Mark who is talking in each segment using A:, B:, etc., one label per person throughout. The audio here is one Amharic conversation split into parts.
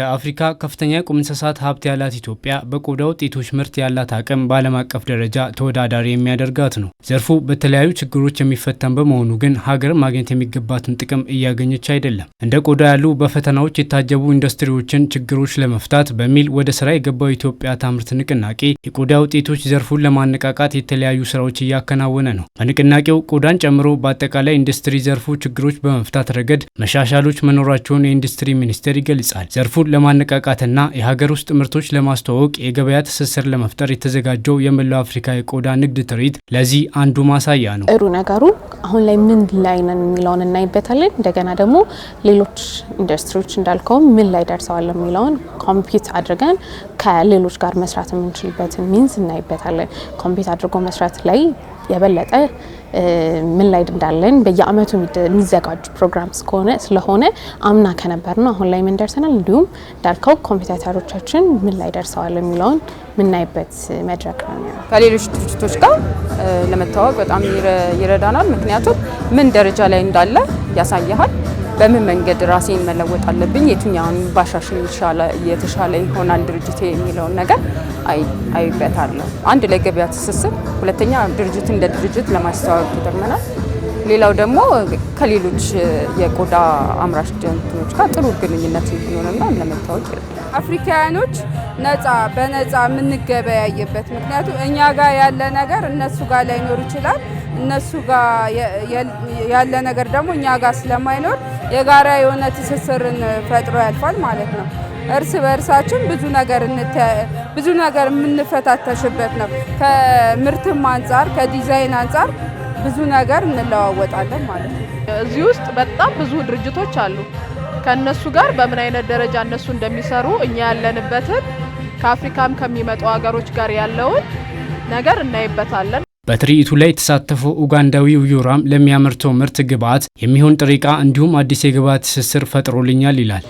A: ከአፍሪካ ከፍተኛ የቁም እንስሳት ሀብት ያላት ኢትዮጵያ በቆዳ ውጤቶች ምርት ያላት አቅም በዓለም አቀፍ ደረጃ ተወዳዳሪ የሚያደርጋት ነው። ዘርፉ በተለያዩ ችግሮች የሚፈተን በመሆኑ ግን ሀገር ማግኘት የሚገባትን ጥቅም እያገኘች አይደለም። እንደ ቆዳ ያሉ በፈተናዎች የታጀቡ ኢንዱስትሪዎችን ችግሮች ለመፍታት በሚል ወደ ስራ የገባው የኢትዮጵያ ታምርት ንቅናቄ የቆዳ ውጤቶች ዘርፉን ለማነቃቃት የተለያዩ ስራዎች እያከናወነ ነው። በንቅናቄው ቆዳን ጨምሮ በአጠቃላይ ኢንዱስትሪ ዘርፉ ችግሮች በመፍታት ረገድ መሻሻሎች መኖራቸውን የኢንዱስትሪ ሚኒስቴር ይገልጻል። ዘርፉን ለማነቃቃትና የሀገር ውስጥ ምርቶች ለማስተዋወቅ የገበያ ትስስር ለመፍጠር የተዘጋጀው የመላው አፍሪካ የቆዳ ንግድ ትርኢት ለዚህ አንዱ ማሳያ ነው።
B: ጥሩ ነገሩ አሁን ላይ ምን ላይ ነን የሚለውን እናይበታለን። እንደገና ደግሞ ሌሎች ኢንዱስትሪዎች እንዳልከውም ምን ላይ ደርሰዋል የሚለውን ኮምፒት አድርገን ከሌሎች ጋር መስራት የምንችልበትን ሚንስ እናይበታለን። ኮምፒት አድርጎ መስራት ላይ የበለጠ ምን ላይ እንዳለን በየአመቱ የሚዘጋጁ ፕሮግራም ስለሆነ ስለሆነ አምና ከነበር ነው አሁን ላይ ምን ደርሰናል፣ እንዲሁም እንዳልከው ኮምፒውተሮቻችን ምን ላይ ደርሰዋል የሚለውን የምናይበት መድረክ ነው።
C: ከሌሎች ድርጅቶች ጋር ለመተዋወቅ በጣም ይረዳናል። ምክንያቱም ምን ደረጃ ላይ እንዳለ ያሳያል። በምን መንገድ ራሴን መለወጥ አለብኝ፣ የትኛውን ባሻሽን የተሻለ ይሆናል ድርጅቴ የሚለውን ነገር አይበታለሁ። አንድ ላይ ገበያ ትስስር፣ ሁለተኛ ድርጅት እንደ ድርጅት ለማስተዋወቅ ይጠቅመናል። ሌላው ደግሞ ከሌሎች የቆዳ አምራች ድርጅቶች ጋር ጥሩ ግንኙነት እንዲኖርና ለመታወቅ
D: አፍሪካውያኖች ነፃ በነፃ የምንገበያይበት ምክንያቱም እኛ ጋር ያለ ነገር እነሱ ጋር ላይኖር ይችላል። እነሱ ጋር ያለ ነገር ደግሞ እኛ ጋር ስለማይኖር የጋራ የሆነ ትስስርን ፈጥሮ ያልፋል ማለት ነው። እርስ በእርሳችን ብዙ ነገር ብዙ ነገር የምንፈታተሽበት ነው። ከምርትም አንጻር ከዲዛይን አንጻር ብዙ ነገር እንለዋወጣለን ማለት ነው።
E: እዚህ ውስጥ በጣም ብዙ ድርጅቶች አሉ። ከእነሱ ጋር በምን አይነት ደረጃ እነሱ እንደሚሰሩ እኛ ያለንበትን ከአፍሪካም ከሚመጡ ሀገሮች ጋር ያለውን ነገር እናይበታለን።
A: በትርኢቱ ላይ የተሳተፈው ኡጋንዳዊው ዩራም ለሚያመርተው ምርት ግብዓት የሚሆን ጥሬ ዕቃ እንዲሁም አዲስ የግብዓት ትስስር ፈጥሮልኛል ይላል።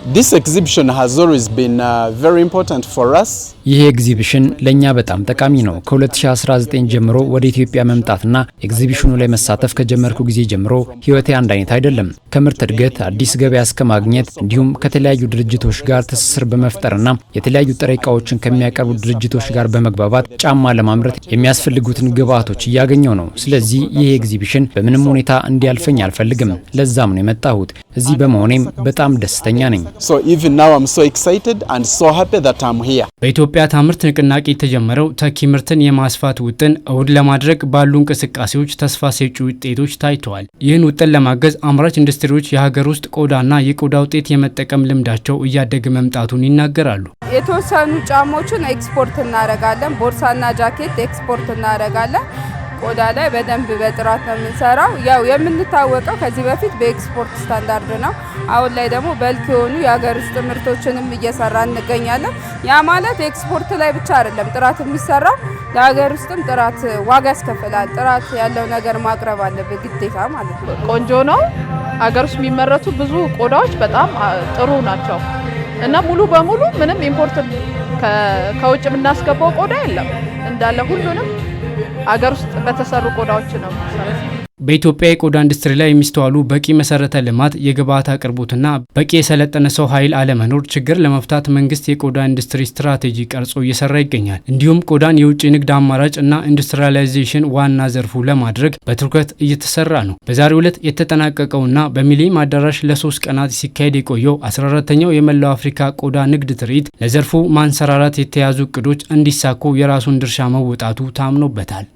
A: ይህ ኤግዚቢሽን ለእኛ በጣም ጠቃሚ ነው። ከ2019 ጀምሮ ወደ ኢትዮጵያ መምጣትና ኤግዚቢሽኑ ላይ መሳተፍ ከጀመርኩ ጊዜ ጀምሮ ህይወቴ አንድ አይነት አይደለም። ከምርት እድገት፣ አዲስ ገበያ እስከ ማግኘት እንዲሁም ከተለያዩ ድርጅቶች ጋር ትስስር በመፍጠርና የተለያዩ ጥሬ እቃዎችን ከሚያቀርቡ ድርጅቶች ጋር በመግባባት ጫማ ለማምረት የሚያስፈልጉትን ግብዓቶች እያገኘው ነው። ስለዚህ ይህ ኤግዚቢሽን በምንም ሁኔታ እንዲያልፈኝ አልፈልግም። ለዛም ነው የመጣሁት። እዚህ በመሆኔም በጣም ደስተኛ ነኝ። በኢትዮጵያ የኢትዮጵያ ታምርት ንቅናቄ የተጀመረው ተኪ ምርትን የማስፋት ውጥን እውን ለማድረግ ባሉ እንቅስቃሴዎች ተስፋ ሰጪ ውጤቶች ታይተዋል። ይህን ውጥን ለማገዝ አምራች ኢንዱስትሪዎች የሀገር ውስጥ ቆዳና የቆዳ ውጤት የመጠቀም ልምዳቸው እያደገ መምጣቱን ይናገራሉ።
F: የተወሰኑ ጫማዎችን ኤክስፖርት እናደርጋለን። ቦርሳና ጃኬት ኤክስፖርት እናደርጋለን። ቆዳ ላይ በደንብ በጥራት ነው የምንሰራው። ያው የምንታወቀው ከዚህ በፊት በኤክስፖርት ስታንዳርድ ነው። አሁን ላይ ደግሞ በልክ የሆኑ የሀገር ውስጥ ምርቶችንም እየሰራ እንገኛለን። ያ ማለት ኤክስፖርት ላይ ብቻ አይደለም ጥራት የሚሰራ ለሀገር ውስጥም ጥራት ዋጋ ያስከፍላል። ጥራት ያለው ነገር ማቅረብ አለብን ግዴታ ማለት
G: ነው። ቆንጆ ነው። ሀገር ውስጥ የሚመረቱ ብዙ ቆዳዎች በጣም ጥሩ ናቸው እና ሙሉ በሙሉ ምንም ኢምፖርት ከውጭ የምናስገባው ቆዳ የለም። እንዳለ ሁሉንም አገር ውስጥ በተሰሩ ቆዳዎች ነው።
A: በኢትዮጵያ የቆዳ ኢንዱስትሪ ላይ የሚስተዋሉ በቂ መሰረተ ልማት፣ የግብዓት አቅርቦትና በቂ የሰለጠነ ሰው ኃይል አለመኖር ችግር ለመፍታት መንግስት የቆዳ ኢንዱስትሪ ስትራቴጂ ቀርጾ እየሰራ ይገኛል። እንዲሁም ቆዳን የውጭ ንግድ አማራጭ እና ኢንዱስትሪያላይዜሽን ዋና ዘርፉ ለማድረግ በትኩረት እየተሰራ ነው። በዛሬው ዕለት የተጠናቀቀውና በሚሊኒየም አዳራሽ ለሶስት ቀናት ሲካሄድ የቆየው 14ተኛው የመላው አፍሪካ ቆዳ ንግድ ትርኢት ለዘርፉ ማንሰራራት የተያዙ እቅዶች እንዲሳኩ የራሱን ድርሻ መወጣቱ ታምኖበታል።